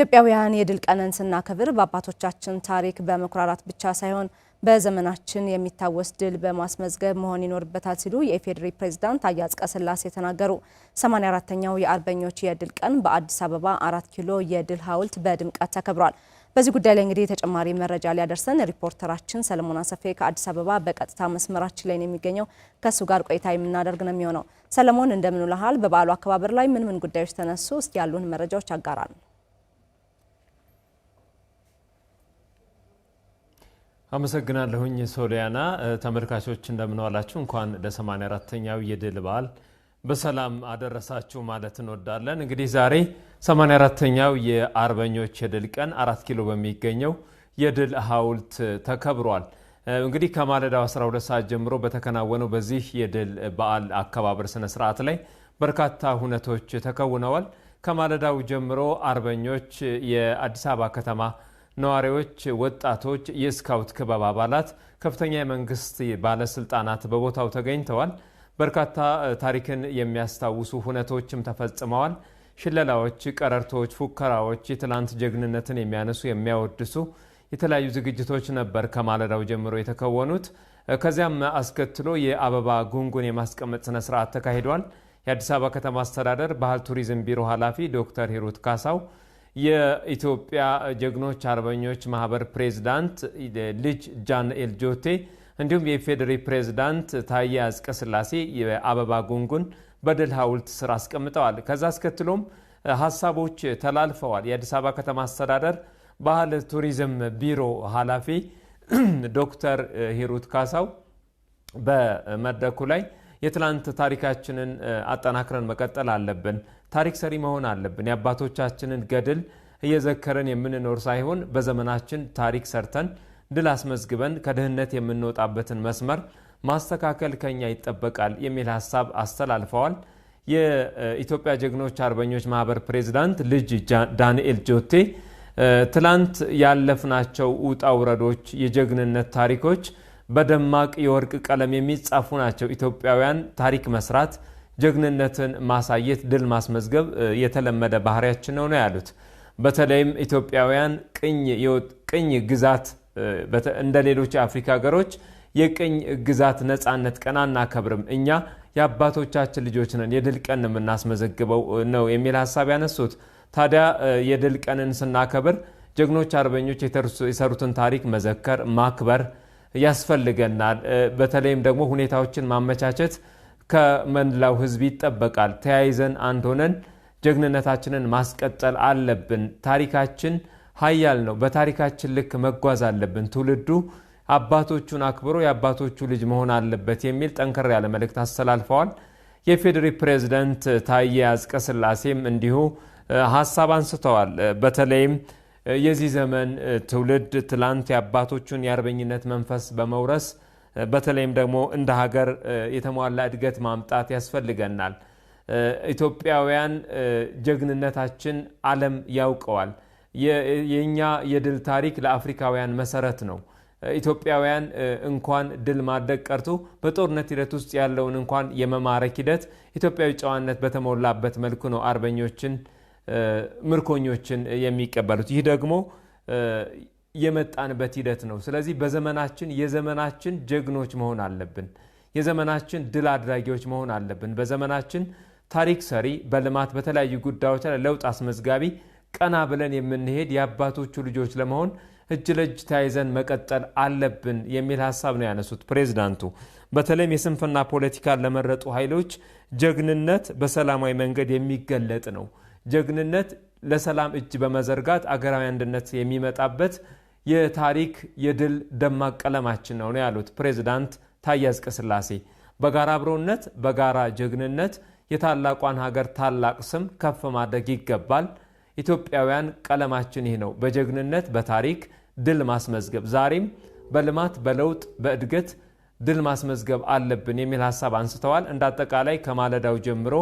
ኢትዮጵያውያን የድል ቀንን ስናከብር በአባቶቻችን ታሪክ በመኩራራት ብቻ ሳይሆን በዘመናችን የሚታወስ ድል በማስመዝገብ መሆን ይኖርበታል ሲሉ የኢፌዴሪ ፕሬዝዳንት ታዬ ቀስላሴ ተናገሩ። 84ተኛው የአርበኞች የድል ቀን በአዲስ አበባ አራት ኪሎ የድል ሐውልት በድምቀት ተከብሯል። በዚህ ጉዳይ ላይ እንግዲህ ተጨማሪ መረጃ ሊያደርሰን ሪፖርተራችን ሰለሞን አሰፌ ከአዲስ አበባ በቀጥታ መስመራችን ላይ ነው የሚገኘው። ከእሱ ጋር ቆይታ የምናደርግ ነው የሚሆነው። ሰለሞን እንደምን ውለሃል? በበዓሉ አከባበር ላይ ምን ምን ጉዳዮች ተነሱ? እስኪ ያሉን መረጃዎች አጋራል። አመሰግናለሁኝ ሶሊያና። ተመልካቾች እንደምንዋላችሁ እንኳን ለ84ተኛው የድል በዓል በሰላም አደረሳችሁ ማለት እንወዳለን። እንግዲህ ዛሬ 84ተኛው የአርበኞች የድል ቀን አራት ኪሎ በሚገኘው የድል ሀውልት ተከብሯል። እንግዲህ ከማለዳው 12 ሰዓት ጀምሮ በተከናወነው በዚህ የድል በዓል አከባበር ስነ ስርዓት ላይ በርካታ ሁነቶች ተከውነዋል። ከማለዳው ጀምሮ አርበኞች የአዲስ አበባ ከተማ ነዋሪዎች፣ ወጣቶች፣ የስካውት ክበብ አባላት፣ ከፍተኛ የመንግስት ባለስልጣናት በቦታው ተገኝተዋል። በርካታ ታሪክን የሚያስታውሱ ሁነቶችም ተፈጽመዋል። ሽለላዎች፣ ቀረርቶች፣ ፉከራዎች፣ የትላንት ጀግንነትን የሚያነሱ የሚያወድሱ የተለያዩ ዝግጅቶች ነበር ከማለዳው ጀምሮ የተከወኑት። ከዚያም አስከትሎ የአበባ ጉንጉን የማስቀመጥ ስነ ስርዓት ተካሂዷል። የአዲስ አበባ ከተማ አስተዳደር ባህል ቱሪዝም ቢሮ ኃላፊ ዶክተር ሂሩት ካሳው የኢትዮጵያ ጀግኖች አርበኞች ማህበር ፕሬዝዳንት ልጅ ጃንኤል ጆቴ እንዲሁም የኢፌዴሪ ፕሬዝዳንት ታዬ አጽቀሥላሴ የአበባ ጉንጉን በድል ሐውልት ስር አስቀምጠዋል። ከዛ አስከትሎም ሀሳቦች ተላልፈዋል። የአዲስ አበባ ከተማ አስተዳደር ባህል ቱሪዝም ቢሮ ኃላፊ ዶክተር ሂሩት ካሳው በመድረኩ ላይ የትላንት ታሪካችንን አጠናክረን መቀጠል አለብን። ታሪክ ሰሪ መሆን አለብን። የአባቶቻችንን ገድል እየዘከረን የምንኖር ሳይሆን በዘመናችን ታሪክ ሰርተን ድል አስመዝግበን ከድህነት የምንወጣበትን መስመር ማስተካከል ከኛ ይጠበቃል የሚል ሀሳብ አስተላልፈዋል። የኢትዮጵያ ጀግኖች አርበኞች ማህበር ፕሬዚዳንት ልጅ ዳንኤል ጆቴ ትላንት ያለፍናቸው ውጣ ውረዶች፣ የጀግንነት ታሪኮች በደማቅ የወርቅ ቀለም የሚጻፉ ናቸው። ኢትዮጵያውያን ታሪክ መስራት፣ ጀግንነትን ማሳየት፣ ድል ማስመዝገብ የተለመደ ባህሪያችን ነው ነው ያሉት። በተለይም ኢትዮጵያውያን ቅኝ ግዛት እንደ ሌሎች የአፍሪካ ሀገሮች የቅኝ ግዛት ነፃነት ቀን አናከብርም፣ እኛ የአባቶቻችን ልጆች ነን፣ የድል ቀን የምናስመዘግበው ነው የሚል ሀሳብ ያነሱት። ታዲያ የድል ቀንን ስናከብር ጀግኖች አርበኞች የሰሩትን ታሪክ መዘከር፣ ማክበር ያስፈልገናል። በተለይም ደግሞ ሁኔታዎችን ማመቻቸት ከመላው ሕዝብ ይጠበቃል። ተያይዘን አንድ ሆነን ጀግንነታችንን ማስቀጠል አለብን። ታሪካችን ኃያል ነው። በታሪካችን ልክ መጓዝ አለብን። ትውልዱ አባቶቹን አክብሮ የአባቶቹ ልጅ መሆን አለበት የሚል ጠንከር ያለ መልእክት አስተላልፈዋል። የፌዴሪ ፕሬዚደንት ታዬ አጽቀሥላሴም እንዲሁ ሀሳብ አንስተዋል። በተለይም የዚህ ዘመን ትውልድ ትላንት የአባቶቹን የአርበኝነት መንፈስ በመውረስ በተለይም ደግሞ እንደ ሀገር የተሟላ እድገት ማምጣት ያስፈልገናል። ኢትዮጵያውያን ጀግንነታችን ዓለም ያውቀዋል። የእኛ የድል ታሪክ ለአፍሪካውያን መሰረት ነው። ኢትዮጵያውያን እንኳን ድል ማድረግ ቀርቶ በጦርነት ሂደት ውስጥ ያለውን እንኳን የመማረክ ሂደት ኢትዮጵያዊ ጨዋነት በተሞላበት መልኩ ነው አርበኞችን ምርኮኞችን የሚቀበሉት። ይህ ደግሞ የመጣንበት ሂደት ነው። ስለዚህ በዘመናችን የዘመናችን ጀግኖች መሆን አለብን። የዘመናችን ድል አድራጊዎች መሆን አለብን። በዘመናችን ታሪክ ሰሪ፣ በልማት በተለያዩ ጉዳዮች ላይ ለውጥ አስመዝጋቢ፣ ቀና ብለን የምንሄድ የአባቶቹ ልጆች ለመሆን እጅ ለእጅ ተያይዘን መቀጠል አለብን የሚል ሀሳብ ነው ያነሱት ፕሬዚዳንቱ። በተለይም የስንፍና ፖለቲካን ለመረጡ ኃይሎች ጀግንነት በሰላማዊ መንገድ የሚገለጥ ነው ጀግንነት ለሰላም እጅ በመዘርጋት አገራዊ አንድነት የሚመጣበት የታሪክ የድል ደማቅ ቀለማችን ነው ነው ያሉት ፕሬዚዳንት ታዬ አጽቀሥላሴ። በጋራ አብሮነት፣ በጋራ ጀግንነት የታላቋን ሀገር ታላቅ ስም ከፍ ማድረግ ይገባል። ኢትዮጵያውያን ቀለማችን ይህ ነው። በጀግንነት በታሪክ ድል ማስመዝገብ ዛሬም በልማት በለውጥ በእድገት ድል ማስመዝገብ አለብን የሚል ሀሳብ አንስተዋል። እንደ አጠቃላይ ከማለዳው ጀምሮ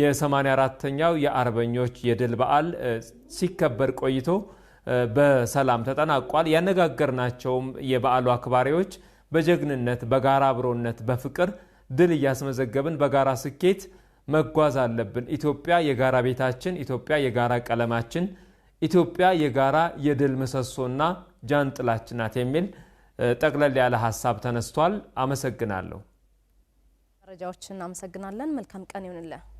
የ84ተኛው የአርበኞች የድል በዓል ሲከበር ቆይቶ በሰላም ተጠናቋል። ያነጋገርናቸውም የበዓሉ አክባሪዎች በጀግንነት፣ በጋራ አብሮነት፣ በፍቅር ድል እያስመዘገብን በጋራ ስኬት መጓዝ አለብን። ኢትዮጵያ የጋራ ቤታችን፣ ኢትዮጵያ የጋራ ቀለማችን፣ ኢትዮጵያ የጋራ የድል ምሰሶና ጃንጥላችን ናት የሚል ጠቅለል ያለ ሀሳብ ተነስቷል። አመሰግናለሁ። መረጃዎችን አመሰግናለን። መልካም ቀን ይሁንልን።